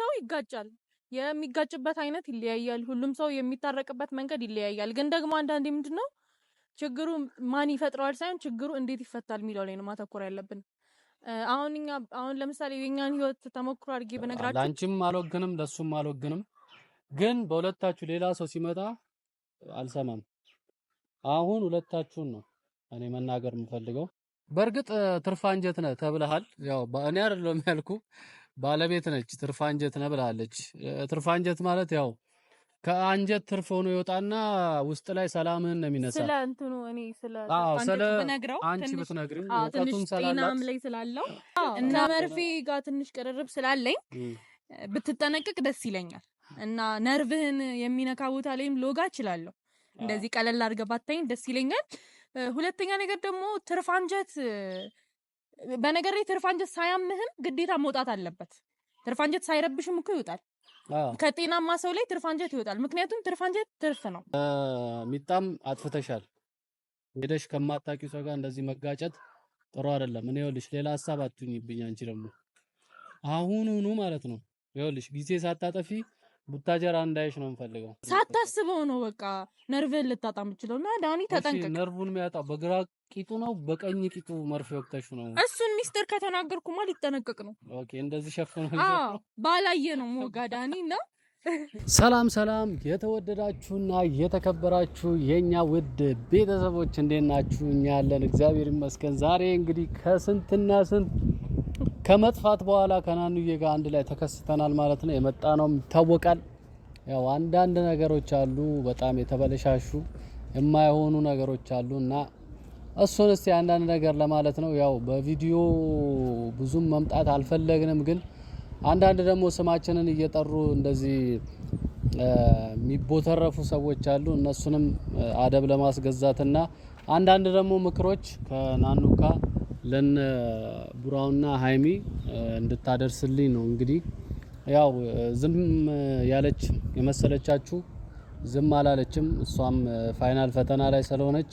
ሰው ይጋጫል። የሚጋጭበት አይነት ይለያያል። ሁሉም ሰው የሚታረቅበት መንገድ ይለያያል። ግን ደግሞ አንዳንዴ ምንድን ነው ችግሩ ማን ይፈጥረዋል ሳይሆን ችግሩ እንዴት ይፈታል የሚለው ላይ ነው ማተኮር ያለብን። አሁን እኛ አሁን ለምሳሌ የኛን ህይወት ተሞክሮ አድርጌ በነግራችሁ ለአንቺም አልወግንም ለሱም አልወግንም፣ ግን በሁለታችሁ ሌላ ሰው ሲመጣ አልሰማም። አሁን ሁለታችሁን ነው እኔ መናገር የምፈልገው። በእርግጥ ትርፋ እንጀት ነህ ተብለሃል። ያው እኔ አይደለም ያልኩ ባለቤት ነች። ትርፍ አንጀት ነው ብላለች። ትርፍ አንጀት ማለት ያው ከአንጀት ትርፍ ሆኖ ይወጣና ውስጥ ላይ ሰላምን ነው የሚነሳ። ስለ እንትኑ እኔ ስለ አንቺ ብትነግሪው እውቀቱም ሰላም ላይ ስላለው እና መርፌ ጋር ትንሽ ቅርርብ ስላለኝ ብትጠነቅቅ ደስ ይለኛል። እና ነርቭህን የሚነካ ቦታ ላይም ሎጋ እችላለሁ። እንደዚህ ቀለል አድርገህ ባታይኝ ደስ ይለኛል። ሁለተኛ ነገር ደግሞ ትርፍ አንጀት በነገር ላይ ትርፋንጀት ሳያምህም ግዴታ መውጣት አለበት። ትርፋንጀት ሳይረብሽም እኮ ይወጣል። ከጤናማ ሰው ላይ ትርፋንጀት ይወጣል። ምክንያቱም ትርፋንጀት ትርፍ ነው። ሚጣም አጥፍተሻል። ሄደሽ ከማታውቂው ሰው ጋር እንደዚህ መጋጨት ጥሩ አይደለም። እኔ ይኸውልሽ ሌላ ሀሳብ አትሁኝብኝ። አንቺ ደግሞ አሁኑኑ ማለት ነው ይኸውልሽ ጊዜ ሳታጠፊ ቡታጀራ እንዳይሽ ነው የምፈልገው። ሳታስበው ነው በቃ ነርቭን ልታጣ የምችለው እና ዳኒ ተጠንቀቅ። ነርቭን የሚያጣ በግራ ቂጡ ነው በቀኝ ቂጡ መርፌ ወቅተሽ ነው። እሱን ሚስጥር ከተናገርኩማ ሊጠነቀቅ ነው። ኦኬ እንደዚህ ሸፍነ ባላየ ነው ሞጋ ዳኒ እና ሰላም ሰላም፣ የተወደዳችሁና የተከበራችሁ የእኛ ውድ ቤተሰቦች እንዴት ናችሁ? እኛ ያለን እግዚአብሔር ይመስገን። ዛሬ እንግዲህ ከስንትና ስንት ከመጥፋት በኋላ ከናኑዬ ጋር አንድ ላይ ተከስተናል ማለት ነው። የመጣ ነውም ይታወቃል። ያው አንዳንድ ነገሮች አሉ፣ በጣም የተበለሻሹ የማይሆኑ ነገሮች አሉ እና እሱን እስቲ አንዳንድ ነገር ለማለት ነው። ያው በቪዲዮ ብዙም መምጣት አልፈለግንም፣ ግን አንዳንድ ደግሞ ስማችንን እየጠሩ እንደዚህ የሚቦተረፉ ሰዎች አሉ። እነሱንም አደብ ለማስገዛትና አንዳንድ ደግሞ ምክሮች ከናኑካ ለነ ቡራውና ሀይሚ እንድታደርስልኝ ነው። እንግዲህ ያው ዝም ያለች የመሰለቻችሁ ዝም አላለችም። እሷም ፋይናል ፈተና ላይ ስለሆነች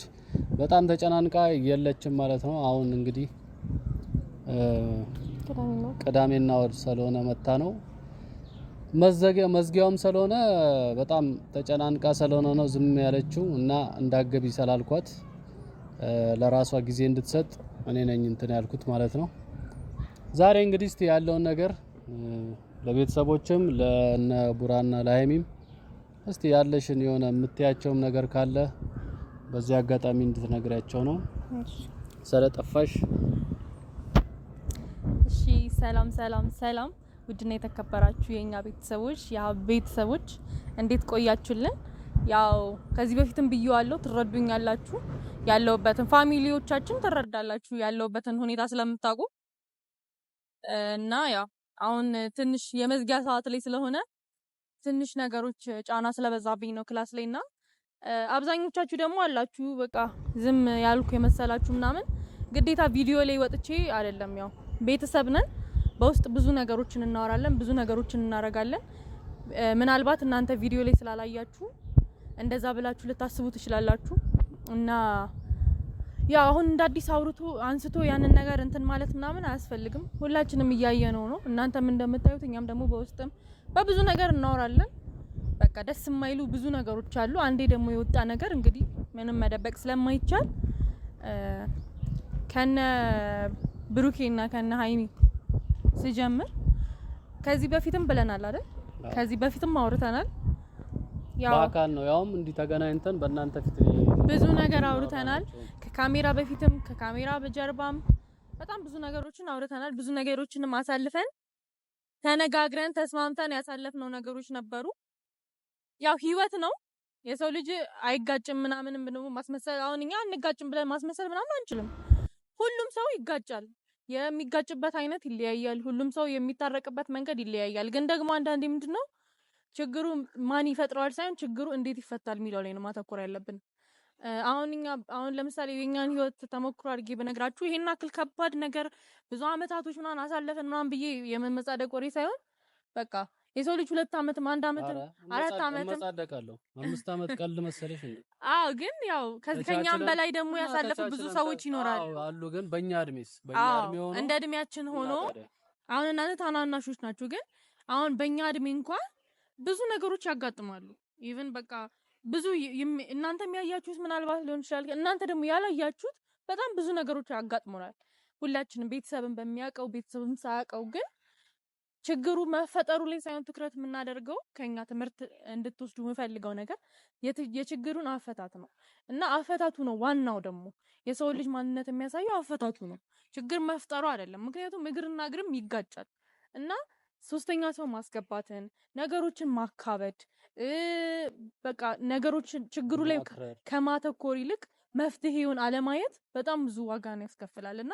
በጣም ተጨናንቃ የለችም ማለት ነው። አሁን እንግዲህ ቅዳሜና እሁድ ስለሆነ መታ ነው መዝጊያውም ስለሆነ በጣም ተጨናንቃ ስለሆነ ነው ዝም ያለችው እና እንዳገቢ ስላልኳት ለራሷ ጊዜ እንድትሰጥ እኔ ነኝ እንትን ያልኩት ማለት ነው። ዛሬ እንግዲህ እስቲ ያለውን ነገር ለቤተሰቦችም ለነ ቡራና ለሀይሚም እስቲ ያለሽን የሆነ የምትያቸውም ነገር ካለ በዚህ አጋጣሚ እንድትነግሪያቸው ነው። ስለጠፋሽ እሺ። ሰላም ሰላም ሰላም! ውድና የተከበራችሁ የኛ ቤተሰቦች ያ ቤተሰቦች እንዴት ቆያችሁልን? ያው ከዚህ በፊትም ብዬዋለሁ፣ ትረዱኛላችሁ። ያለውበትን ፋሚሊዎቻችን ትረዳላችሁ፣ ያለውበትን ሁኔታ ስለምታውቁ እና ያው አሁን ትንሽ የመዝጊያ ሰዓት ላይ ስለሆነ ትንሽ ነገሮች ጫና ስለበዛብኝ ነው ክላስ ላይ እና አብዛኞቻችሁ ደግሞ አላችሁ በቃ ዝም ያልኩ የመሰላችሁ ምናምን። ግዴታ ቪዲዮ ላይ ወጥቼ አይደለም፣ ያው ቤተሰብ ነን። በውስጥ ብዙ ነገሮችን እናወራለን፣ ብዙ ነገሮችን እናረጋለን። ምናልባት እናንተ ቪዲዮ ላይ ስላላያችሁ እንደዛ ብላችሁ ልታስቡ ትችላላችሁ። እና ያ አሁን እንደ አዲስ አውርቶ አንስቶ ያንን ነገር እንትን ማለት ምናምን አያስፈልግም። ሁላችንም እያየ ነው ነው እናንተም እንደምታዩት እኛም ደግሞ በውስጥም በብዙ ነገር እናወራለን። በቃ ደስ የማይሉ ብዙ ነገሮች አሉ። አንዴ ደግሞ የወጣ ነገር እንግዲህ ምንም መደበቅ ስለማይቻል ከነ ብሩኬና ከነ ሀይሚ ስጀምር ከዚህ በፊትም ብለናል አይደል? ከዚህ በፊትም አውርተናል። በአካል ነው ያውም እንዲህ ተገናኝተን በእናንተ ፊት ብዙ ነገር አውርተናል። ከካሜራ በፊትም ከካሜራ በጀርባም በጣም ብዙ ነገሮችን አውርተናል። ብዙ ነገሮችንም አሳልፈን ተነጋግረን ተስማምተን ያሳለፍነው ነገሮች ነበሩ። ያው ህይወት ነው። የሰው ልጅ አይጋጭም ምናምንም ብሎ ማስመሰል አሁን እኛ አንጋጭም ብለን ማስመሰል ምናምን አንችልም። ሁሉም ሰው ይጋጫል። የሚጋጭበት አይነት ይለያያል። ሁሉም ሰው የሚታረቅበት መንገድ ይለያያል። ግን ደግሞ አንዳንዴ ምንድን ነው ችግሩ ማን ይፈጥረዋል ሳይሆን ችግሩ እንዴት ይፈታል የሚለው ላይ ነው ማተኮር ያለብን። አሁን እኛ አሁን ለምሳሌ የኛን ህይወት ተሞክሮ አድርጌ በነግራችሁ ይሄን አክል ከባድ ነገር ብዙ አመታቶች ምናምን አሳለፈን ምናምን ብዬ የመመጻደቅ ወሬ ሳይሆን በቃ የሰው ልጅ ሁለት አመትም አንድ አመትም አራት አመትም አምስት አመት ቀልድ መሰለሽ? አዎ፣ ግን ያው ከኛም በላይ ደግሞ ያሳለፉ ብዙ ሰዎች ይኖራሉ አሉ። ግን በእኛ እድሜስ እንደ እድሜያችን ሆኖ አሁን እናንተ ታናናሾች ናችሁ። ግን አሁን በእኛ እድሜ እንኳን ብዙ ነገሮች ያጋጥማሉ። ኢቨን በቃ ብዙ እናንተ የሚያያችሁት ምናልባት ሊሆን ይችላል። እናንተ ደግሞ ያላያችሁት በጣም ብዙ ነገሮች ያጋጥሙናል። ሁላችንም ቤተሰብን በሚያውቀው ቤተሰብም ሳያውቀው ግን ችግሩ መፈጠሩ ላይ ሳይሆን ትኩረት የምናደርገው ከኛ ትምህርት እንድትወስዱ የምፈልገው ነገር የችግሩን አፈታት ነው እና አፈታቱ ነው ዋናው። ደግሞ የሰው ልጅ ማንነት የሚያሳየው አፈታቱ ነው፣ ችግር መፍጠሩ አይደለም። ምክንያቱም እግርና እግርም ይጋጫል እና ሶስተኛ ሰው ማስገባትን፣ ነገሮችን ማካበድ፣ በቃ ነገሮችን ችግሩ ላይ ከማተኮር ይልቅ መፍትሄውን አለማየት በጣም ብዙ ዋጋን ያስከፍላል እና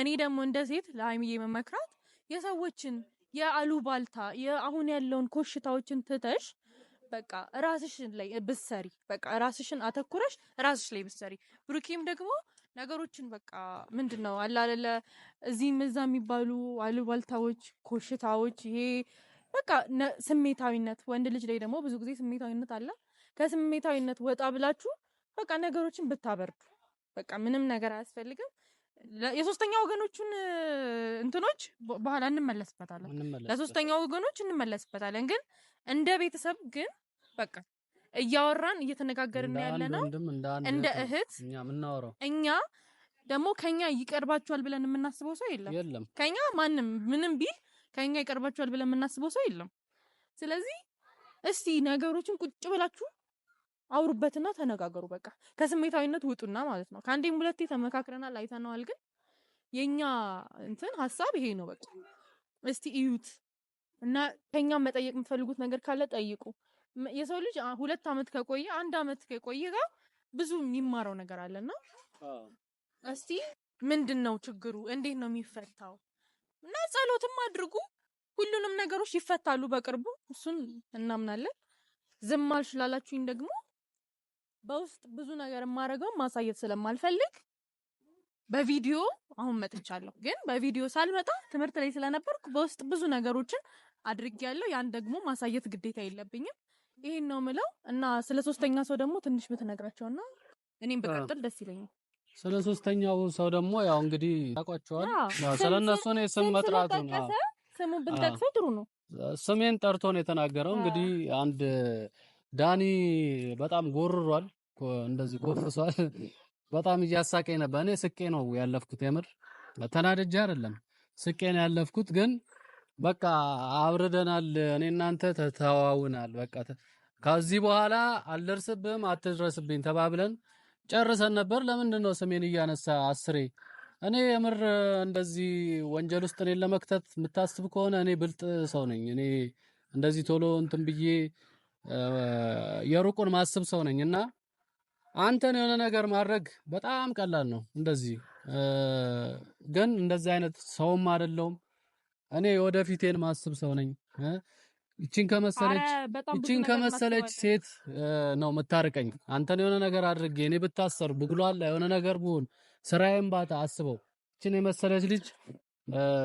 እኔ ደግሞ እንደ ሴት ለሀይሚዬ መመክራት የሰዎችን የአሉባልታ የአሁን ያለውን ኮሽታዎችን ትተሽ በቃ ራስሽን ላይ ብሰሪ፣ በቃ ራስሽን አተኩረሽ ራስሽ ላይ ብሰሪ። ብሩኬም ደግሞ ነገሮችን በቃ ምንድን ነው አላለለ እዚህም እዛ የሚባሉ አልባልታዎች፣ ኮሽታዎች ይሄ በቃ ስሜታዊነት ወንድ ልጅ ላይ ደግሞ ብዙ ጊዜ ስሜታዊነት አለ። ከስሜታዊነት ወጣ ብላችሁ በቃ ነገሮችን ብታበርዱ በቃ ምንም ነገር አያስፈልግም። የሶስተኛ ወገኖቹን እንትኖች በኋላ እንመለስበታለን። ለሶስተኛ ወገኖች እንመለስበታለን። ግን እንደ ቤተሰብ ግን በቃ እያወራን እየተነጋገርን ያለ ነው እንደ እህት እኛ ደግሞ ከኛ ይቀርባችኋል ብለን የምናስበው ሰው የለም። ከኛ ማንም ምንም ቢል ከኛ ይቀርባችኋል ብለን የምናስበው ሰው የለም። ስለዚህ እስቲ ነገሮችን ቁጭ ብላችሁ አውሩበትና ተነጋገሩ። በቃ ከስሜታዊነት ውጡና ማለት ነው። ከአንዴም ሁለቴ ተመካክረናል፣ አይተነዋል። ግን የኛ እንትን ሀሳብ ይሄ ነው። በቃ እስቲ እዩት እና ከኛ መጠየቅ የምትፈልጉት ነገር ካለ ጠይቁ። የሰው ልጅ ሁለት አመት ከቆየ አንድ አመት ከቆየ ጋር ብዙ የሚማረው ነገር አለና እስቲ ምንድን ነው ችግሩ? እንዴት ነው የሚፈታው? እና ጸሎትም አድርጉ ሁሉንም ነገሮች ይፈታሉ በቅርቡ። እሱን እናምናለን። ዝም አልሽላላችሁኝ ደግሞ በውስጥ ብዙ ነገር የማደርገው ማሳየት ስለማልፈልግ በቪዲዮ አሁን መጥቻለሁ። ግን በቪዲዮ ሳልመጣ ትምህርት ላይ ስለነበርኩ በውስጥ ብዙ ነገሮችን አድርጌያለሁ። ያን ደግሞ ማሳየት ግዴታ የለብኝም። ይሄን ነው ምለው እና ስለ ሶስተኛ ሰው ደግሞ ትንሽ ብትነግራቸውና እኔም በቀጥል ደስ ይለኛል። ስለ ሶስተኛው ሰው ደግሞ ያው እንግዲህ ታውቋቸዋል። ስለ እነሱ ነው የስም መጥራቱ ስሙ ብንጠቅሰው ጥሩ ነው። ስሜን ጠርቶ ነው የተናገረው። እንግዲህ አንድ ዳኒ በጣም ጎርሯል፣ እንደዚህ ጎፍሷል። በጣም እያሳቀኝ ነበር። እኔ ስቄ ነው ያለፍኩት። የምር ተናድጄ አይደለም ስቄ ነው ያለፍኩት ግን በቃ አብርደናል። እኔ እናንተ ተተዋውናል። በቃ ከዚህ በኋላ አልደርስብህም፣ አትድረስብኝ ተባብለን ጨርሰን ነበር። ለምንድን ነው ስሜን እያነሳ አስሬ? እኔ የምር እንደዚህ ወንጀል ውስጥ እኔን ለመክተት የምታስብ ከሆነ እኔ ብልጥ ሰው ነኝ። እኔ እንደዚህ ቶሎ እንትን ብዬ የሩቁን ማስብ ሰው ነኝ እና አንተን የሆነ ነገር ማድረግ በጣም ቀላል ነው። እንደዚህ ግን እንደዚህ አይነት ሰውም አይደለውም? እኔ ወደፊቴን ማስብ ሰው ነኝ። እቺን ከመሰለች እቺን ከመሰለች ሴት ነው የምታርቀኝ። አንተን የሆነ ነገር አድርጌ እኔ ብታሰር ብጉሏላ የሆነ ነገር ብሆን ስራዬን ባታ አስበው። እቺን የመሰለች ልጅ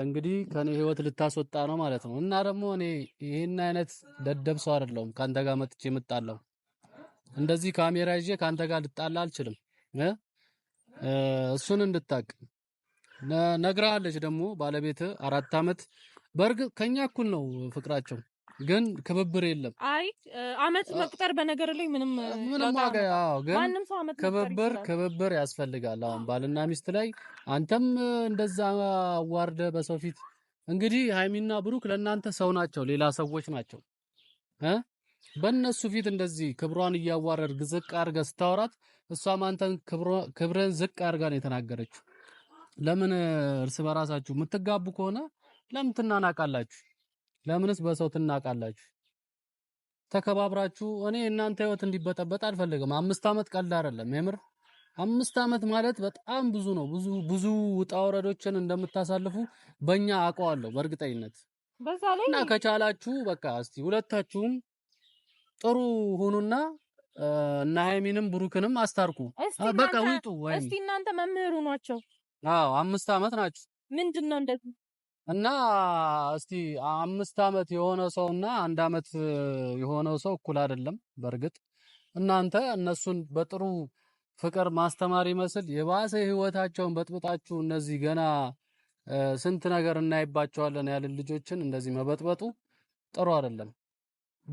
እንግዲህ ከኔ ህይወት ልታስወጣ ነው ማለት ነው። እና ደግሞ እኔ ይህን አይነት ደደብ ሰው አይደለሁም። ከአንተ ጋር መጥቼ የምጣለው እንደዚህ ካሜራ ይዤ ከአንተ ጋር ልጣላ አልችልም። እሱን እንድታቅ ነግራለች ደግሞ ባለቤት አራት አመት። በእርግጥ ከኛ እኩል ነው ፍቅራቸው፣ ግን ክብብር የለም። አይ አመት መቁጠር በነገር ላይ ምንም ምንም ዋጋ ያው፣ ግን ክብብር ክብብር ያስፈልጋል። አሁን ባልና ሚስት ላይ አንተም እንደዛ አዋርደ በሰው ፊት እንግዲህ ሃይሚና ብሩክ ለእናንተ ሰው ናቸው፣ ሌላ ሰዎች ናቸው እ በእነሱ ፊት እንደዚህ ክብሯን እያዋረድክ ዝቅ አድርገህ ስታወራት እሷም አንተን ክብረን ዝቅ አድርጋ ነው የተናገረችው። ለምን እርስ በራሳችሁ የምትጋቡ ከሆነ ለምን ትናናቃላችሁ? ለምንስ በሰው ትናቃላችሁ? ተከባብራችሁ እኔ እናንተ ህይወት እንዲበጠበጥ አልፈልግም። አምስት አመት ቀልድ አይደለም። የምር አምስት ዓመት ማለት በጣም ብዙ ነው። ብዙ ብዙ ውጣ ወረዶችን እንደምታሳልፉ በእኛ አውቀዋለሁ በእርግጠኝነት። በዛ ላይ እና ከቻላችሁ በቃ እስቲ ሁለታችሁም ጥሩ ሁኑና እና ሃይሚንም ብሩክንም አስታርቁ። በቃ ውጡ። እስቲ እናንተ መምህሩ ናቸው አዎ አምስት አመት ናችሁ። ምንድን ነው እንደዚህ እና እስቲ አምስት አመት የሆነ ሰው እና አንድ አመት የሆነው ሰው እኩል አይደለም። በእርግጥ እናንተ እነሱን በጥሩ ፍቅር ማስተማር ይመስል የባሰ ህይወታቸውን በጥብጣችሁ እነዚህ ገና ስንት ነገር እናይባቸዋለን ያልን ልጆችን እንደዚህ መበጥበጡ ጥሩ አይደለም።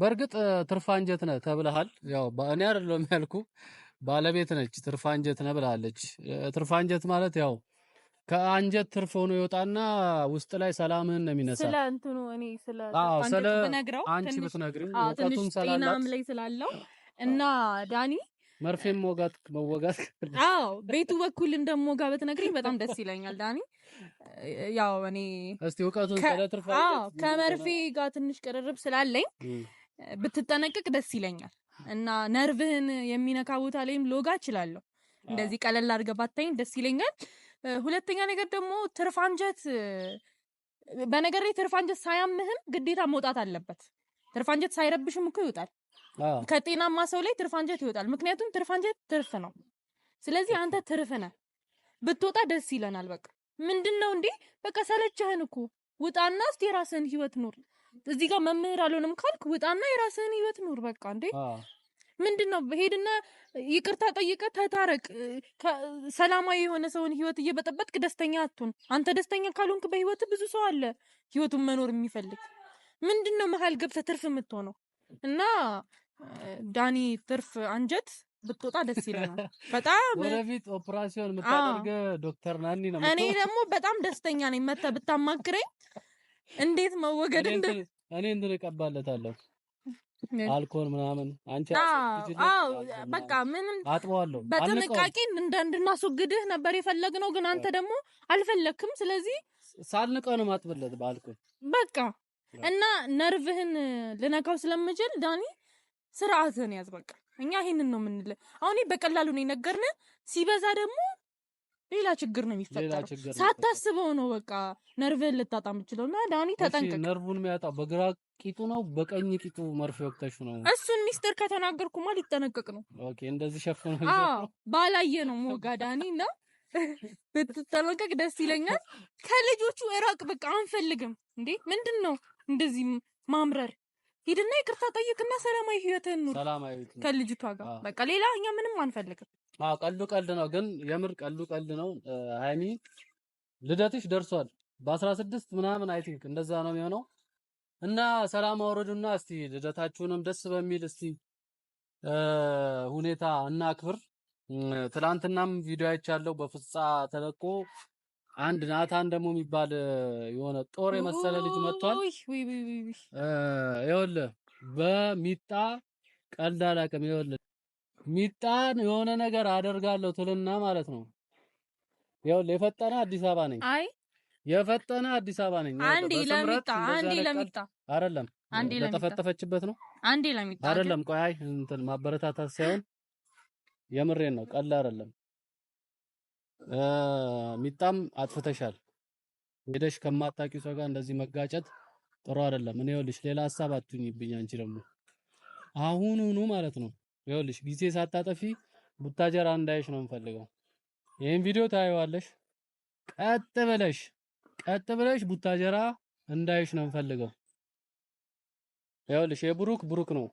በእርግጥ ትርፋንጀት ነህ ተብለሃል። ያው እኔ አይደለም ያልኩ ባለቤት ነች። ትርፋንጀት ነህ ብላለች። ትርፋንጀት ማለት ያው ከአንጀት ትርፍ ሆኖ ይወጣና ውስጥ ላይ ሰላምህን ነው የሚነሳ። ስለ እንትኑ እኔ ስለ አንቺ ብትነግሪ እውቀቱም ሰላም ላይ ስላለው እና ዳኒ መርፌም መወጋት መወጋት አዎ፣ ቤቱ በኩል እንደምወጋ ብትነግሪኝ በጣም ደስ ይለኛል። ዳኒ ያው እኔ እስቲ እውቀቱን ስለ ትርፍ አዎ፣ ከመርፌ ጋር ትንሽ ቅርርብ ስላለኝ ብትጠነቅቅ ደስ ይለኛል እና ነርቭህን የሚነካ ቦታ ላይም ልወጋ እችላለሁ። እንደዚህ ቀለል አድርገህ ባታይኝ ደስ ይለኛል። ሁለተኛ ነገር ደግሞ ትርፍ አንጀት በነገር ላይ ትርፍ አንጀት ሳያምህም ግዴታ መውጣት አለበት። ትርፍ አንጀት ሳይረብሽም እኮ ይወጣል። ከጤናማ ሰው ላይ ትርፍ አንጀት ይወጣል። ምክንያቱም ትርፍ አንጀት ትርፍ ነው። ስለዚህ አንተ ትርፍ ነህ፣ ብትወጣ ደስ ይለናል። በቃ ምንድን ነው እንዴ? በቃ ሰለችህን እኮ ውጣና እስኪ የራስህን ህይወት ኑር። እዚህ ጋር መምህር አልሆንም ካልክ ውጣና የራስህን ህይወት ኑር። በቃ እንዴ ምንድን ነው? ሄድና ይቅርታ ጠይቀ ተታረቅ። ሰላማዊ የሆነ ሰውን ህይወት እየበጠበጥክ ደስተኛ አትሁን። አንተ ደስተኛ ካልሆንክ በህይወት ብዙ ሰው አለ ህይወቱን መኖር የሚፈልግ ምንድን ነው መሀል ገብተ ትርፍ የምትሆነው? እና ዳኒ ትርፍ አንጀት ብትወጣ ደስ ይለናል። በጣም ወደፊት ኦፕራሲዮን የምታደርገ ዶክተር ናኒ ነው። እኔ ደግሞ በጣም ደስተኛ ነኝ። መተህ ብታማክረኝ እንዴት መወገድ እንደ እኔ እንትን እቀባለታለሁ አልኮል ምናምን አንቺ በቃ ምንም አጥበዋለሁ። በጥንቃቄ እንደ እንድናስወግድህ ነበር የፈለግነው፣ ግን አንተ ደግሞ አልፈለክም። ስለዚህ ሳልንቀው ነው ማጥበለት በአልኮል በቃ እና ነርቭህን ልነካው ስለምችል ዳኒ ስርዓትህን ያዝ። በቃ እኛ ይሄንን ነው የምንልህ። አሁን በቀላሉ ነው የነገርንህ፣ ሲበዛ ደግሞ ሌላ ችግር ነው የሚፈጠረው። ሳታስበው ነው በቃ ነርቭን ልታጣ የምችለው። እና ዳኒ ተጠንቀቅ። ነርቡን የሚያጣ በግራ ቂጡ ነው በቀኝ ቂጡ መርፌ ወቅተሽ ነው። እሱን ሚስጥር ከተናገርኩማ ሊጠነቀቅ ነው። ኦኬ፣ እንደዚህ ሸፍኖ ባላየ ነው ሞጋ ዳኒ እና ብትጠነቀቅ ደስ ይለኛል። ከልጆቹ እራቅ፣ በቃ አንፈልግም። እንዴ ምንድን ነው እንደዚህ ማምረር? ሂድና ይቅርታ ጠይቅና ሰላማዊ ህይወትህን ኑር ከልጅቷ ጋር። በቃ ሌላ እኛ ምንም አንፈልግም። አዎ ቀልዱ ቀልድ ነው፣ ግን የምር ቀልዱ ቀልድ ነው። ሀይሚ ልደትሽ ደርሷል። በ16 ምናምን አይ ቲንክ እንደዛ ነው የሚሆነው እና ሰላም አውረዱና እስቲ ልደታችሁንም ደስ በሚል እስቲ ሁኔታ እና አክብር። ትላንትናም ቪዲዮ አይቻለሁ በፍጻ ተለቆ አንድ ናታን ደግሞ የሚባል የሆነ ጦር የመሰለ ልጅ መጥቷል። ይኸውልህ በሚጣ ቀልድ አላውቅም። ይኸውልህ ሚጣን የሆነ ነገር አደርጋለሁ ትልና ማለት ነው። ይኸውልህ የፈጠነ አዲስ አበባ ነኝ። አይ የፈጠነ አዲስ አበባ ነኝ። አንዴ ለሚጣ አንዴ ለሚጣ አይደለም፣ አንዴ ለሚጣ ተፈጠፈችበት ነው። አንዴ ለሚጣ አይደለም። ቆይ አይ እንትን ማበረታታት ሳይሆን የምሬን ነው። ቀላል አይደለም። ሚጣም አጥፍተሻል። ሄደሽ ከማጣቂ ሰው ጋር እንደዚህ መጋጨት ጥሩ አይደለም። እኔ ይኸውልሽ ሌላ ሀሳብ አትሁኝብኝ። አንቺ ደግሞ አሁኑኑ ማለት ነው ይኸውልሽ ጊዜ ሳታጠፊ ቡታጀራ እንዳይሽ ነው የምፈልገው። ይህን ቪዲዮ ታየዋለሽ። ቀጥ ብለሽ ቀጥ ብለሽ ቡታጀራ እንዳይሽ ነው የምፈልገው። ይኸውልሽ የብሩክ ብሩክ ነው፣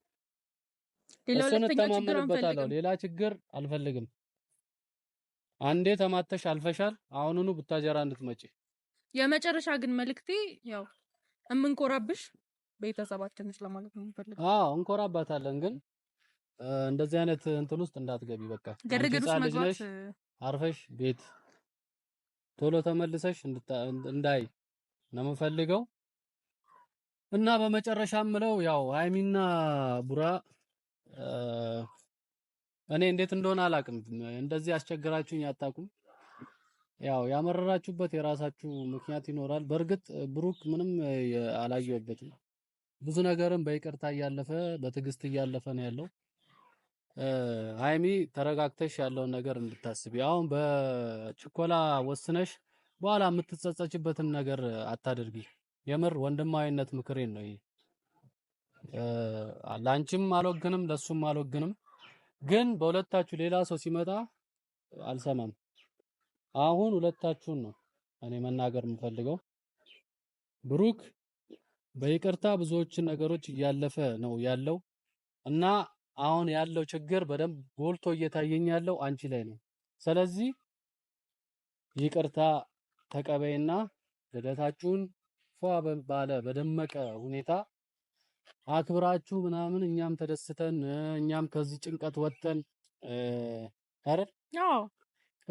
እሱን እተማመንበታለሁ። ሌላ ችግር አልፈልግም። አንዴ ተማተሽ አልፈሻል። አሁኑኑ ቡታጀራ እንድትመጪ። የመጨረሻ ግን መልእክቴ ያው እምንኮራብሽ ቤተሰባችንሽ ለማለት ነው የምፈልገው። አዎ እንኮራባታለን ግን እንደዚህ አይነት እንትን ውስጥ እንዳትገቢ። በቃ ግርግር ውስጥ መግባት አርፈሽ ቤት ቶሎ ተመልሰሽ እንዳይ ነው የምፈልገው። እና በመጨረሻ ምለው ያው ሀይሚና ቡራ እኔ እንዴት እንደሆነ አላቅም እንደዚህ አስቸግራችሁኝ አታውቁም። ያው ያመረራችሁበት የራሳችሁ ምክንያት ይኖራል። በእርግጥ ብሩክ ምንም አላየሁበትም። ብዙ ነገርም በይቅርታ እያለፈ በትዕግስት እያለፈ ነው ያለው። ሀይሚ ተረጋግተሽ ያለውን ነገር እንድታስቢ። አሁን በችኮላ ወስነሽ በኋላ የምትጸጸችበትን ነገር አታድርጊ። የምር ወንድማዊነት ምክሬን ነው ላንችም ለአንቺም አልወግንም ለሱም አልወግንም፣ ግን በሁለታችሁ ሌላ ሰው ሲመጣ አልሰማም። አሁን ሁለታችሁን ነው እኔ መናገር የምፈልገው። ብሩክ በይቅርታ ብዙዎችን ነገሮች እያለፈ ነው ያለው እና አሁን ያለው ችግር በደንብ ጎልቶ እየታየኝ ያለው አንቺ ላይ ነው። ስለዚህ ይቅርታ ተቀበይና ልደታችሁን ፏ ባለ በደመቀ ሁኔታ አክብራችሁ ምናምን እኛም ተደስተን እኛም ከዚህ ጭንቀት ወጥተን አረ አዎ።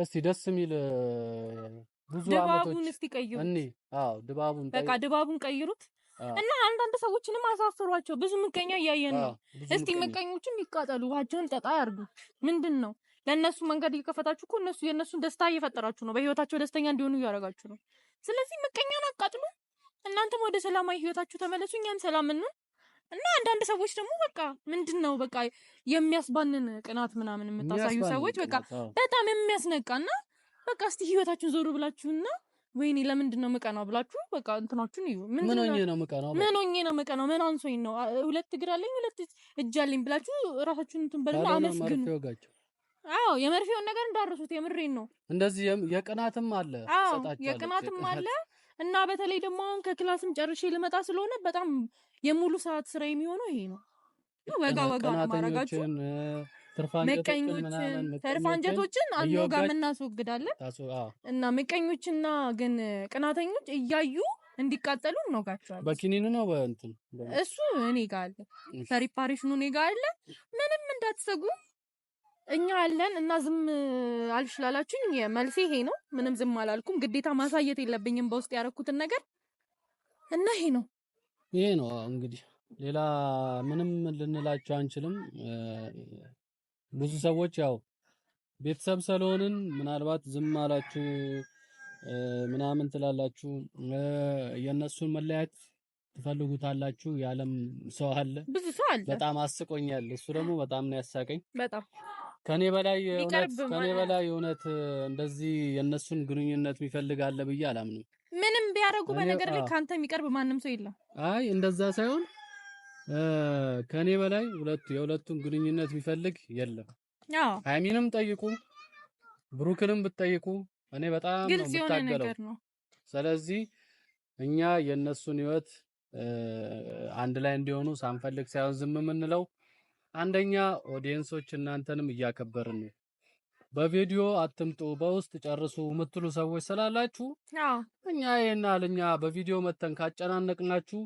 እስቲ ደስ የሚል ብዙ አመቶች ድባቡን እስቲ ቀይሩት። እኔ አዎ፣ ድባቡን በቃ ድባቡን ቀይሩት። እና አንዳንድ ሰዎችንም አሳፍሯቸው። ብዙ ምቀኛ እያየን ነው። እስቲ ምቀኞችም ይቃጠሉ፣ ውሃቸውን ጠጣ ያርጉ። ምንድን ነው ለእነሱ መንገድ እየከፈታችሁ እኮ እነሱ የእነሱን ደስታ እየፈጠራችሁ ነው። በህይወታቸው ደስተኛ እንዲሆኑ እያደረጋችሁ ነው። ስለዚህ ምቀኛን አቃጥሉ። እናንተም ወደ ሰላማዊ ህይወታችሁ ተመለሱ። እኛም ሰላም ነው። እና አንዳንድ ሰዎች ደግሞ በቃ ምንድን ነው በቃ የሚያስባንን ቅናት ምናምን የምታሳዩ ሰዎች በቃ በጣም የሚያስነቃ እና በቃ እስቲ ህይወታችሁን ዞሩ ብላችሁና ወይኔ ለምንድን ነው ምቀናው ብላችሁ በቃ እንትናችሁን እዩ። ምን ሆኜ ነው ምቀናው? ምን ሆኜ ነው ምቀናው? ምን አንሶኝ ነው? ሁለት እግር አለኝ ሁለት እጅ አለኝ ብላችሁ ራሳችሁን እንትን በልና አመስግኑ። አዎ የመርፌውን ነገር እንዳረሱት የምሬን ነው። እንደዚህ የቅናትም አለ፣ የቅናትም አለ እና በተለይ ደግሞ አሁን ከክላስም ጨርሼ ልመጣ ስለሆነ በጣም የሙሉ ሰዓት ስራ የሚሆነው ይሄ ነው። ወጋ ወጋ ማረጋችሁ ምቀኞችን ተርፍ አንዱ ጋር እናስወግዳለን እና ምቀኞችና ግን ቅናተኞች እያዩ እንዲቃጠሉ እንወጋቸዋለን። በኪኒን ነው በእንትን እሱ እኔ ጋር አለ፣ ሪፓሬሽኑ እኔ ጋ አለ። ምንም እንዳትሰጉ እኛ አለን እና ዝም አልሽላላችሁኝ። መልሴ ይሄ ነው። ምንም ዝም አላልኩም። ግዴታ ማሳየት የለብኝም በውስጥ ያደረኩትን ነገር እና ይሄ ነው ይሄ ነው እንግዲህ ሌላ ምንም ልንላቸው አንችልም። ብዙ ሰዎች ያው ቤተሰብ ሰሎንን ምናልባት ዝም አላችሁ ምናምን ትላላችሁ፣ የእነሱን መለያየት ትፈልጉታላችሁ። የዓለም ሰው አለ፣ ብዙ ሰው አለ። በጣም አስቆኛል። እሱ ደግሞ በጣም ነው ያሳቀኝ። በጣም ከኔ በላይ ከኔ በላይ እውነት እንደዚህ የእነሱን ግንኙነት የሚፈልግ አለ ብዬ አላምንም። ምንም ቢያደርጉ በነገር ላይ ከአንተ የሚቀርብ ማንም ሰው የለም። አይ እንደዛ ሳይሆን ከኔ በላይ ሁለቱ የሁለቱን ግንኙነት የሚፈልግ የለም። አዎ ሀይሚንም ጠይቁ ብሩክንም ብትጠይቁ እኔ በጣም ነው የምታገለው። ስለዚህ እኛ የእነሱን ህይወት አንድ ላይ እንዲሆኑ ሳንፈልግ ሳይሆን ዝም የምንለው አንደኛ ኦዲየንሶች እናንተንም እያከበርን ነው። በቪዲዮ አትምጡ በውስጥ ጨርሱ የምትሉ ሰዎች ስላላችሁ እኛ ይሄና ለኛ በቪዲዮ መተን ካጨናነቅናችሁ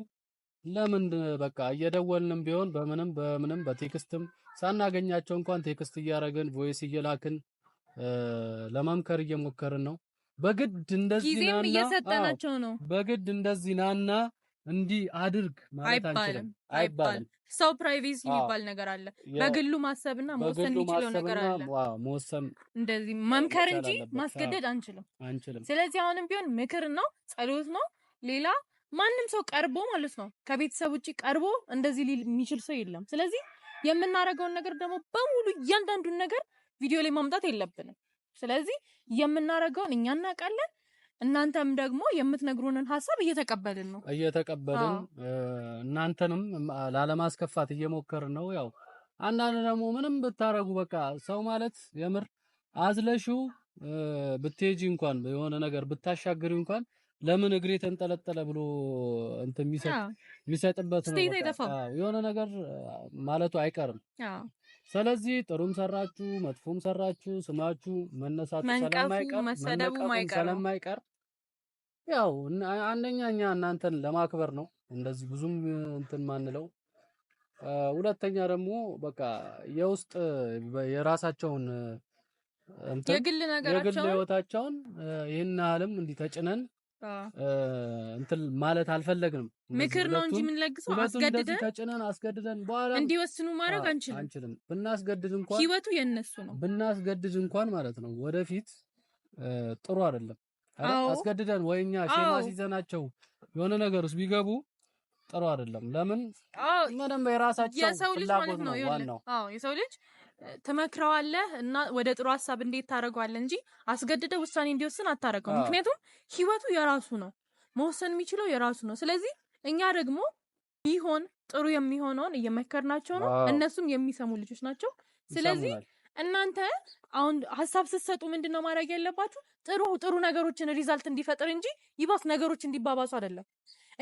ለምን በቃ እየደወልንም ቢሆን በምንም በምንም በቴክስትም ሳናገኛቸው እንኳን ቴክስት እያደረግን ቮይስ እየላክን ለመምከር እየሞከርን ነው። በግድ እንደዚህ ናና እየሰጠናቸው ነው። በግድ እንደዚህ ናና እንዲህ አድርግ ማለት አንችልም፣ አይባልም። ሰው ፕራይቬሲ የሚባል ነገር አለ። በግሉ ማሰብና መወሰን የሚችለው ነገር አለ። መወሰን እንደዚህ መምከር እንጂ ማስገደድ አንችልም አንችልም። ስለዚህ አሁንም ቢሆን ምክር ነው፣ ጸሎት ነው ሌላ ማንም ሰው ቀርቦ ማለት ነው ከቤተሰብ ውጭ ቀርቦ እንደዚህ ሊል የሚችል ሰው የለም። ስለዚህ የምናደርገውን ነገር ደግሞ በሙሉ እያንዳንዱን ነገር ቪዲዮ ላይ ማምጣት የለብንም። ስለዚህ የምናደርገውን እኛ እናውቃለን። እናንተም ደግሞ የምትነግሩንን ሀሳብ እየተቀበልን ነው እየተቀበልን እናንተንም ላለማስከፋት እየሞከርን ነው። ያው አንዳንድ ደግሞ ምንም ብታረጉ በቃ ሰው ማለት የምር አዝለሹ ብትሄጂ እንኳን የሆነ ነገር ብታሻግሪ እንኳን ለምን እግሬ ተንጠለጠለ ብሎ እንትን የሚሰጥበት ነው የሆነ ነገር ማለቱ አይቀርም። ስለዚህ ጥሩም ሰራችሁ መጥፎም ሰራችሁ ስማችሁ መነሳቱ ስለማይቀር ስለማይቀር ያው አንደኛ እኛ እናንተን ለማክበር ነው እንደዚህ ብዙም እንትን ማንለው። ሁለተኛ ደግሞ በቃ የውስጥ የራሳቸውን የግል ነገራቸውን የግል ህይወታቸውን ይህን አለም እንዲህ ተጭነን እንትን ማለት አልፈለግንም። ምክር ነው እንጂ የምንለግሰው አስገድደን ተጭነን አስገድደን በኋላ እንዲወስኑ ማድረግ አንችልም አንችልም። ብናስገድድ እንኳን ህይወቱ የነሱ ነው። ብናስገድድ እንኳን ማለት ነው ወደፊት ጥሩ አይደለም። አስገድደን ወይ እኛ ሼማ ሲዘናቸው የሆነ ነገር ውስጥ ቢገቡ ጥሩ አይደለም። ለምን? አዎ ምንም ልጅ ማለት ነው ዋናው። አዎ የሰው ልጅ ትመክረዋለህ እና ወደ ጥሩ ሀሳብ እንዴት ታደረገዋለህ እንጂ አስገድደ ውሳኔ እንዲወስን አታደረገው። ምክንያቱም ህይወቱ የራሱ ነው፣ መወሰን የሚችለው የራሱ ነው። ስለዚህ እኛ ደግሞ ቢሆን ጥሩ የሚሆነውን እየመከርናቸው ነው። እነሱም የሚሰሙ ልጆች ናቸው። ስለዚህ እናንተ አሁን ሀሳብ ስትሰጡ ምንድን ነው ማድረግ ያለባችሁ? ጥሩ ጥሩ ነገሮችን ሪዛልት እንዲፈጥር እንጂ ይባስ ነገሮች እንዲባባሱ አይደለም።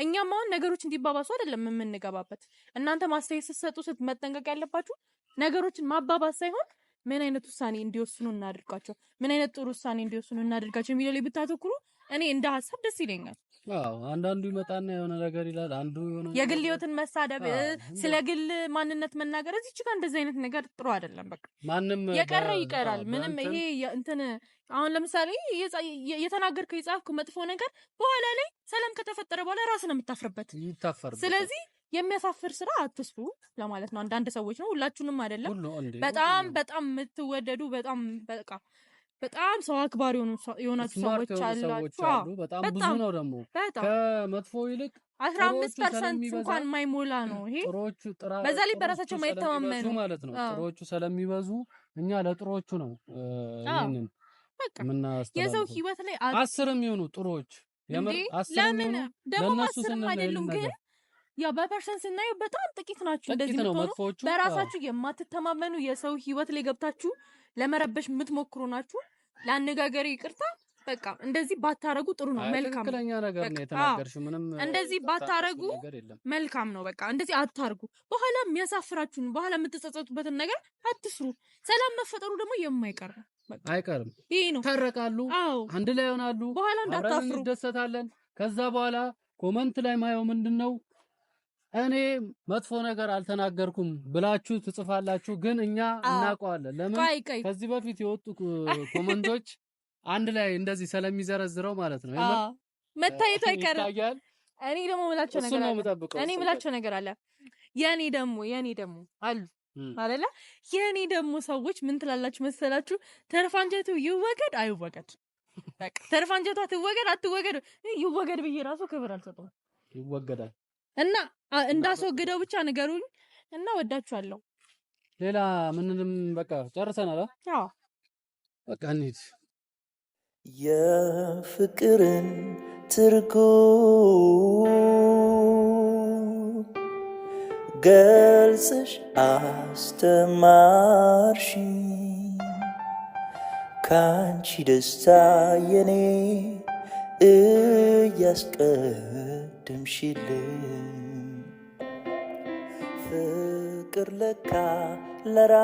እኛም አሁን ነገሮች እንዲባባሱ አይደለም የምንገባበት። እናንተ ማስተያየት ስትሰጡ መጠንቀቅ ያለባችሁ ነገሮችን ማባባስ ሳይሆን ምን አይነት ውሳኔ እንዲወስኑ እናድርጋቸው፣ ምን አይነት ጥሩ ውሳኔ እንዲወስኑ እናደርጋቸው የሚለው ላይ ብታተኩሩ እኔ እንደ ሀሳብ ደስ ይለኛል። አንዳንዱ ይመጣና የሆነ ነገር ይላል። አንዱ የሆነ የግል ህይወትን መሳደብ፣ ስለ ግል ማንነት መናገር እዚች ጋር እንደዚህ አይነት ነገር ጥሩ አይደለም። በቃ ማንም የቀረ ይቀራል። ምንም ይሄ እንትን አሁን ለምሳሌ የተናገርከው የጻፍከው መጥፎ ነገር በኋላ ላይ ሰላም ከተፈጠረ በኋላ ራስን የምታፍርበት ስለዚህ የሚያሳፍር ስራ አትስሩ ለማለት ነው። አንዳንድ ሰዎች ነው፣ ሁላችሁንም አይደለም። በጣም በጣም የምትወደዱ በጣም በቃ በጣም ሰው አክባሪ የሆናችሁ ሰዎች አላችሁ። በጣም ብዙ ነው ደግሞ ከመጥፎ ይልቅ አስራ አምስት ፐርሰንት እንኳን የማይሞላ ነው ይሄ። በዛ ላይ በራሳቸው ማይተማመኑ ማለት ነው። ጥሮቹ ስለሚበዙ እኛ ለጥሮቹ ነው ይህንን የሰው ህይወት ላይ አስር የሚሆኑ ጥሮች ለምን ደግሞ አስርም አይደሉም ግን ያ በፐርሰን ስናየው በጣም ጥቂት ናችሁ። እንደዚህ የምትሆኑ በራሳችሁ የማትተማመኑ የሰው ህይወት ላይ ገብታችሁ ለመረበሽ የምትሞክሩ ናችሁ። ለአነጋገር ይቅርታ። በቃ እንደዚህ ባታረጉ ጥሩ ነው። መልካም ነገር ነው ምንም እንደዚህ ባታረጉ መልካም ነው። በቃ እንደዚህ አታርጉ። በኋላ የሚያሳፍራችሁን በኋላ የምትጸጸቱበትን ነገር አትስሩ። ሰላም መፈጠሩ ደግሞ የማይቀር አይቀርም። ይህ ነው። ታረቃሉ፣ አንድ ላይ ይሆናሉ፣ በኋላ እንዳታፍሩ፣ እንደሰታለን። ከዛ በኋላ ኮመንት ላይ ማየው ምንድን ነው እኔ መጥፎ ነገር አልተናገርኩም ብላችሁ ትጽፋላችሁ፣ ግን እኛ እናውቀዋለን። ለምን ከዚህ በፊት የወጡ ኮመንቶች አንድ ላይ እንደዚህ ስለሚዘረዝረው ማለት ነው መታየቱ አይቀርም። እኔ ደግሞ ምላቸው ነገር አለ እኔ ምላቸው ነገር አለ የኔ ደግሞ የኔ ደግሞ አሉ አለ። የኔ ደግሞ ሰዎች ምን ትላላችሁ መሰላችሁ? ተርፋንጀቱ ይወገድ አይወገድ፣ ተርፋንጀቷ ትወገድ አትወገድ፣ ይወገድ ብዬ ራሱ ክብር አልሰጠውም። ይወገዳል እና እንዳስወግደው ብቻ ንገሩኝ እና ወዳችኋለሁ። ሌላ ምንንም በቃ ጨርሰናል። በቃ እንሂድ። የፍቅርን ትርጉ ገልጽሽ አስተማርሽ ካንቺ ደስታ የኔ እያስቀድምሽልን ፍቅር ለካ ለራ